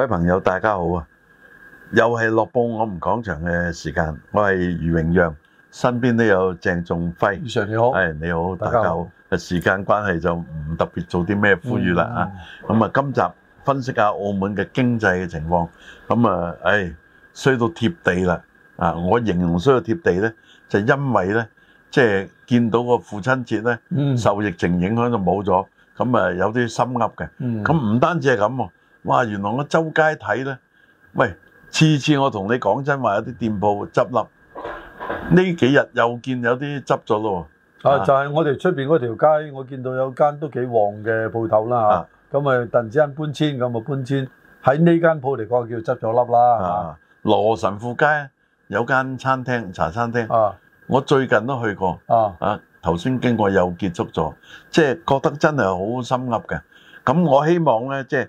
各位朋友，大家好啊！又係樂報我哋講場嘅時間，我係余榮讓，身邊都有鄭仲輝，余常你好，哎你好，大家好。時間關係就唔特別做啲咩呼籲啦啊！咁啊，今集分析下澳門嘅經濟嘅情況。咁啊，唉，衰到貼地啦啊！我形容衰到貼地咧，就因為咧，即係見到個父親節咧，受疫情影響就冇咗，咁啊有啲心噏嘅。咁唔單止係咁。哇！原來我周街睇咧，喂，次次我同你講真話，有啲店鋪執笠。呢幾日又見有啲執咗咯喎，就係我哋出面嗰條街，我見到有間都幾旺嘅鋪頭啦嚇。咁咪、啊、突然之間搬遷，咁啊搬遷喺呢間鋪嚟講叫執咗笠啦。啊，羅神父街有間餐廳茶餐廳，啊，我最近都去過，啊，啊頭先經過又結束咗，即係覺得真係好心噏嘅。咁我希望咧，即係。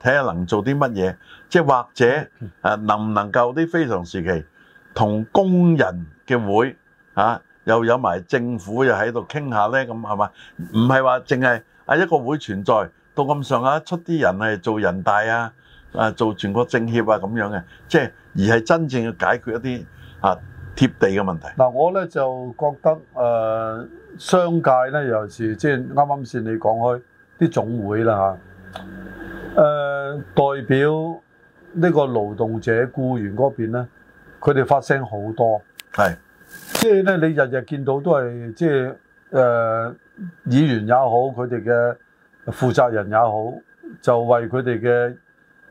睇下能做啲乜嘢，即係或者誒能唔能夠啲非常時期同工人嘅會啊，又有埋政府又喺度傾下咧，咁係嘛？唔係話淨係啊一個會存在到咁上下出啲人係做人大啊，啊做全國政協啊咁樣嘅，即係而係真正要解決一啲啊貼地嘅問題。嗱，我咧就覺得誒商界咧尤其是即係啱啱先你講開啲總會啦嚇，誒。代表呢個勞動者、僱員嗰邊咧，佢哋發聲好多，係，即係咧，你日日見到都係即係誒、呃，議員也好，佢哋嘅負責人也好，就為佢哋嘅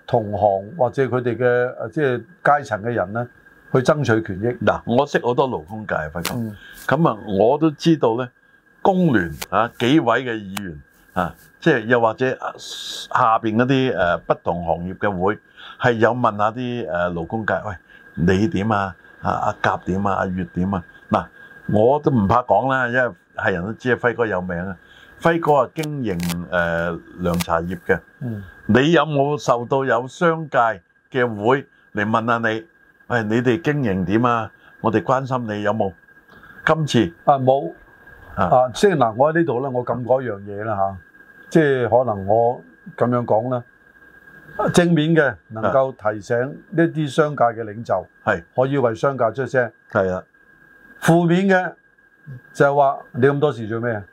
同行或者佢哋嘅即係階層嘅人咧，去爭取權益。嗱，我識好多勞工界，不過咁啊，我都知道咧，工聯啊，幾位嘅議員，啊，即係又或者下邊嗰啲誒不同行業嘅會係有問下啲誒勞工界，喂，你點啊？啊阿甲點啊？阿乙點啊？嗱，我都唔怕講啦，因為係人都知啊輝哥有名啊。輝哥啊經營誒涼茶業嘅，嗯，你有冇受到有商界嘅會嚟問下你？喂，你哋經營點啊？我哋關心你有冇？今次啊冇啊，即係嗱，我喺呢度咧，我撳嗰樣嘢啦吓。即係可能我咁樣講啦，正面嘅能夠提醒呢啲商界嘅領袖，係可以為商界出聲。係啊係，負面嘅就係話你咁多事做咩啊？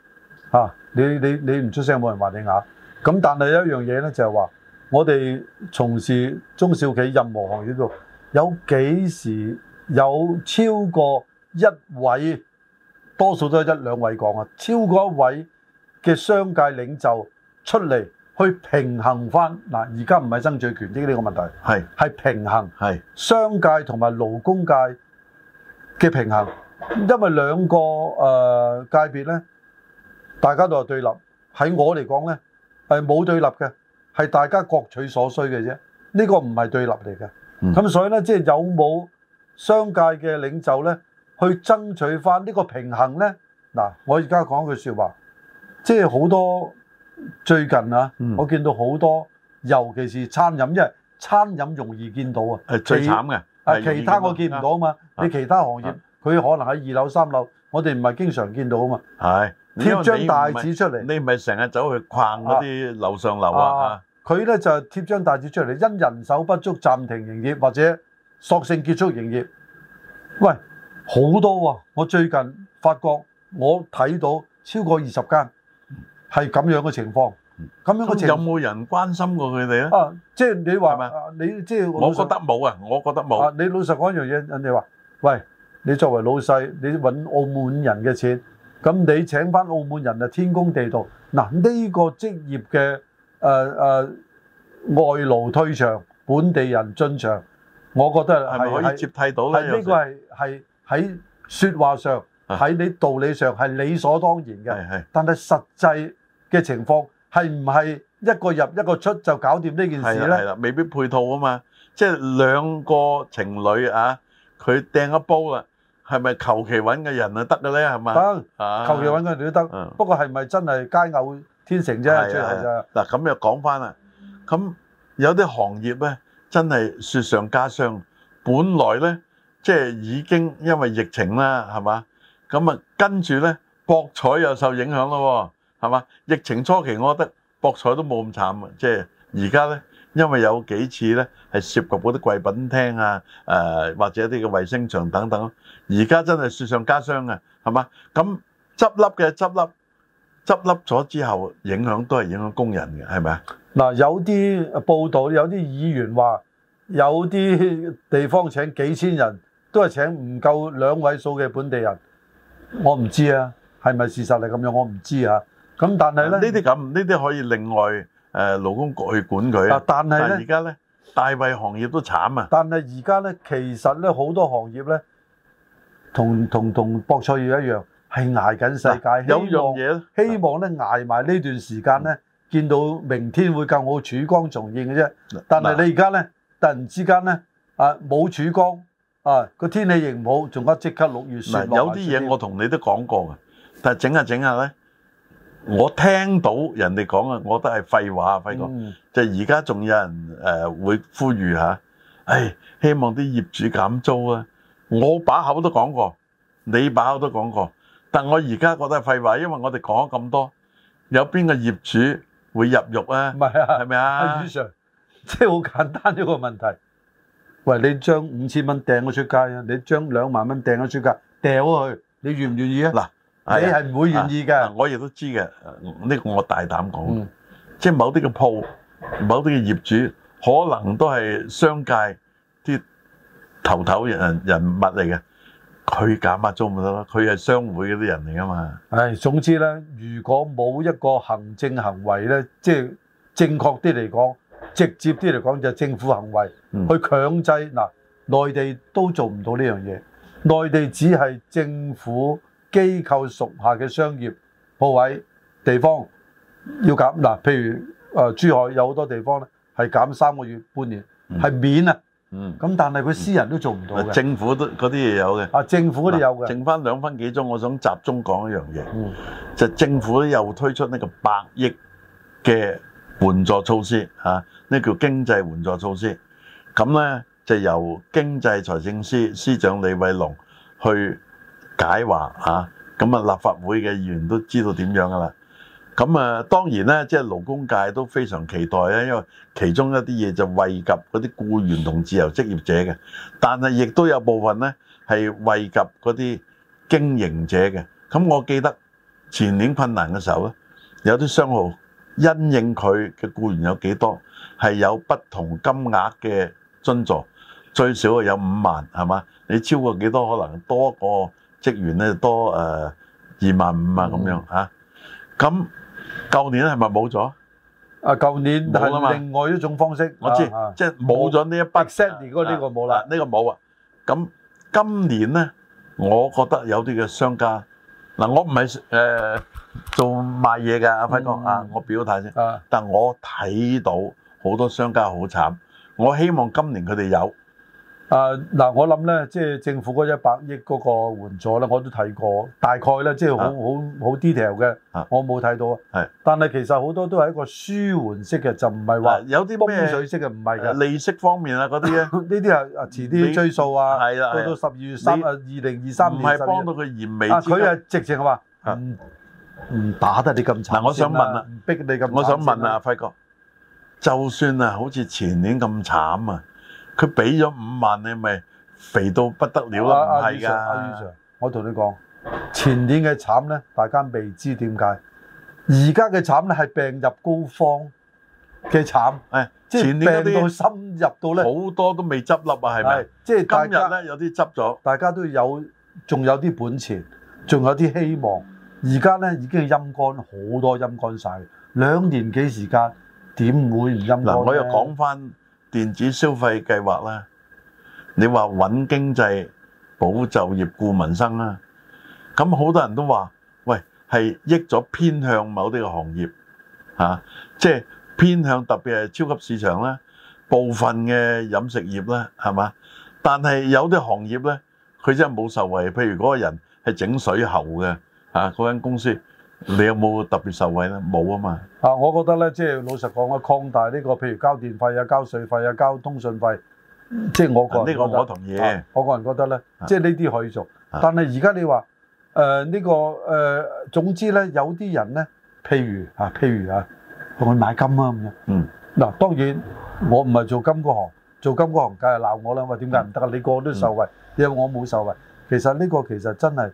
吓，你你你唔出聲，冇人話你啞。咁但係一樣嘢咧，就係話我哋從事中小企任何行業度，有幾時有超過一位？多數都係一兩位講啊，超過一位。嘅商界領袖出嚟去平衡翻，嗱，而家唔係爭取權益呢個問題，係，係平衡係商界同埋勞工界嘅平衡，因為兩個誒界別咧，大家都係對立。喺我嚟講咧，係冇對立嘅，係大家各取所需嘅啫。呢個唔係對立嚟嘅。咁所以咧，即係有冇商界嘅領袖咧，去爭取翻呢個平衡咧？嗱，我而家講一句説話。即係好多最近啊，嗯、我見到好多，尤其是餐飲，因為餐飲容易見到啊。誒最慘嘅，其，其他我見唔到啊嘛。啊你其他行業佢、啊、可能喺二樓三樓，我哋唔係經常見到啊嘛。係、啊、貼張大紙出嚟，你唔係成日走去逛嗰啲樓上樓啊？佢咧、啊啊、就貼張大紙出嚟，因人手不足暫停營業或者索性結束營業。喂，好多喎、啊！我最近發覺我睇到超過二十間。係咁樣嘅情況，咁樣嘅情況有冇人關心過佢哋咧？啊，即係你話係咪？你即係我覺得冇啊！我覺得冇。你老實講一樣嘢，人哋話：「喂，你作為老細，你揾澳門人嘅錢，咁你請翻澳門人啊，天公地道。嗱呢個職業嘅誒誒外勞退場，本地人進場，我覺得係咪可以接替到嘅？呢個係係喺説話上，喺你道理上係理所當然嘅。係係，但係實際，嘅情況係唔係一個入一個出就搞掂呢件事咧？係啦，未必配套啊嘛，即係兩個情侶啊，佢掟一煲啦，係咪求其揾個人啊得嘅咧？係嘛，得，求其揾個人哋都得。不過係咪真係佳偶天成啫？嗱咁又講翻啦，咁有啲行業咧真係雪上加霜。本來咧即係已經因為疫情啦，係嘛？咁啊跟住咧博彩又受影響咯。係嘛？疫情初期我覺得博彩都冇咁慘，即係而家咧，因為有幾次咧係涉及嗰啲貴賓廳啊，誒或者啲嘅衞星場等等。而家真係雪上加霜啊！係嘛？咁執笠嘅執笠，執笠咗之後影響都係影響工人嘅，係咪啊？嗱，有啲報道，有啲議員話，有啲地方請幾千人，都係請唔夠兩位數嘅本地人。我唔知啊，係咪事實係咁樣？我唔知啊。咁但係咧呢啲咁，呢啲可以另外誒勞工局去管佢啊。但係咧，而家咧大衞行業都慘啊！但係而家咧，其實咧好多行業咧，同同同博彩業一樣，係挨緊世界。有樣嘢咧。希望咧挨埋呢段時間咧，見到明天會更好，曙光重現嘅啫。但係你而家咧，突然之間咧啊，冇曙光啊，個天氣亦唔好，仲加即刻六月雪落雪。有啲嘢我同你都講過嘅，但係整下整下咧。我聽到人哋講嘅，我都係廢話啊，輝哥。嗯、就而家仲有人誒會呼籲下，誒、哎、希望啲業主減租啊！我把口都講過，你把口都講過，但我而家覺得係廢話，因為我哋講咗咁多，有邊個業主會入獄啊？唔係啊，係咪啊？余 Sir，即係好簡單呢個問題。喂，你將五千蚊掟咗出街啊！你將兩萬蚊掟咗出街，掟咗去，你願唔願意啊？嗱。你係唔會願意㗎、啊？我亦都知嘅，呢、呢個我大膽講，嗯、即係某啲嘅鋪，某啲嘅業主可能都係商界啲頭頭人人物嚟嘅，佢減下租咪得咯。佢係商會嗰啲人嚟㗎嘛。唉，總之咧，如果冇一個行政行為咧，即係正確啲嚟講，直接啲嚟講就係政府行為、嗯、去強制嗱，內地都做唔到呢樣嘢，內地只係政府，機構屬下嘅商業鋪位地方要減嗱，譬如誒珠海有好多地方咧，係減三個月半年，係免啊。嗯。咁但係佢私人都做唔到嘅。政府都嗰啲嘢有嘅。啊，政府嗰啲有嘅。剩翻兩分幾鐘，我想集中講一樣嘢，就政府又推出呢個百億嘅援助措施嚇，呢叫經濟援助措施。咁咧就由經濟財政司司長李偉龍去。解話嚇，咁啊立法會嘅議員都知道點樣噶啦。咁啊當然咧，即係勞工界都非常期待咧，因為其中一啲嘢就惠及嗰啲雇員同自由職業者嘅，但係亦都有部分咧係惠及嗰啲經營者嘅。咁我記得前年困難嘅時候咧，有啲商號因應佢嘅雇員有幾多係有不同金額嘅津助，最少啊有五萬係嘛？你超過幾多可能多過？職員咧多誒二萬五啊咁樣嚇，咁舊年係咪冇咗？啊，舊年係另外一種方式，我知道，即係冇咗呢一筆。p 呢個冇啦，呢個冇啊。咁今年咧，我覺得有啲嘅商家嗱、啊，我唔係誒做賣嘢㗎，阿輝哥啊，嗯、我表態先。啊，但我睇到好多商家好慘，我希望今年佢哋有。啊嗱，我諗咧，即係政府嗰一百億嗰個援助咧，我都睇過，大概咧，即係好好好 detail 嘅，我冇睇到。係，但係其實好多都係一個舒緩式嘅，就唔係話有啲幫水式嘅，唔係嘅利息方面啊，嗰啲咧呢啲啊啊，遲啲追數啊，到到十二月三啊二零二三年，唔係幫到佢延尾。佢啊，直情話唔唔打得你咁慘，唔逼你咁。我想問啊，輝哥，就算啊，好似前年咁慘啊。佢俾咗五萬，你咪肥到不得了咯，唔係㗎。我同你講，前年嘅慘咧，大家未知點解。而家嘅慘咧係病入膏肓嘅慘，誒，即係病到深入到咧，好多都未執笠啊，係咪？即係今日咧有啲執咗，大家都有，仲有啲本錢，仲有啲希望。而家咧已經陰乾好多，陰乾晒。兩年幾時間點會唔陰乾咧？嗱，我又講翻。電子消費計劃啦，你話穩經濟、保就業、顧民生啦。咁好多人都話，喂，係益咗偏向某啲嘅行業，嚇、啊，即係偏向特別係超級市場啦，部分嘅飲食業啦，係嘛？但係有啲行業咧，佢真係冇受惠，譬如嗰個人係整水喉嘅，嚇、啊，嗰間公司。你有冇特別受惠咧？冇啊嘛。啊，我覺得咧，即係老實講啊，擴大呢、這個，譬如交電費啊、交稅費啊、交通訊費，即係我個人覺得，啊這個、我個人覺得咧，啊、即係呢啲可以做。啊、但係而家你話，誒、呃、呢、這個誒、呃、總之咧，有啲人咧，譬如嚇、啊，譬如嚇、啊、去買金啊咁樣。嗯。嗱，當然我唔係做金嗰行，做金嗰行梗係鬧我啦。喂，點解唔得啊？你個都受惠，因、嗯、為我冇受惠？其實呢個其實真係。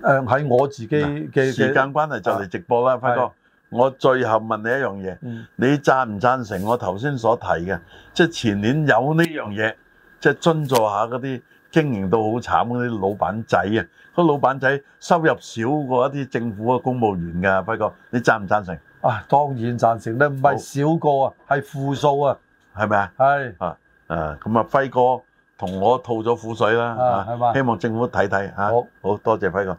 誒喺我自己嘅時間關係就嚟直播啦，輝哥，我最後問你一樣嘢，嗯、你贊唔贊成我頭先所提嘅？即係前年有呢樣嘢，即係尊助下嗰啲經營到好慘嗰啲老闆仔啊，嗰、那個、老闆仔收入少過一啲政府嘅公務員㗎，輝哥，你贊唔贊成？啊，當然贊成啦，唔係少過好是負數啊，係負數啊，係咪啊？係啊，啊，咁啊，輝哥，同我吐咗苦水啦，啊、希望政府睇睇吓。好，好多謝輝哥。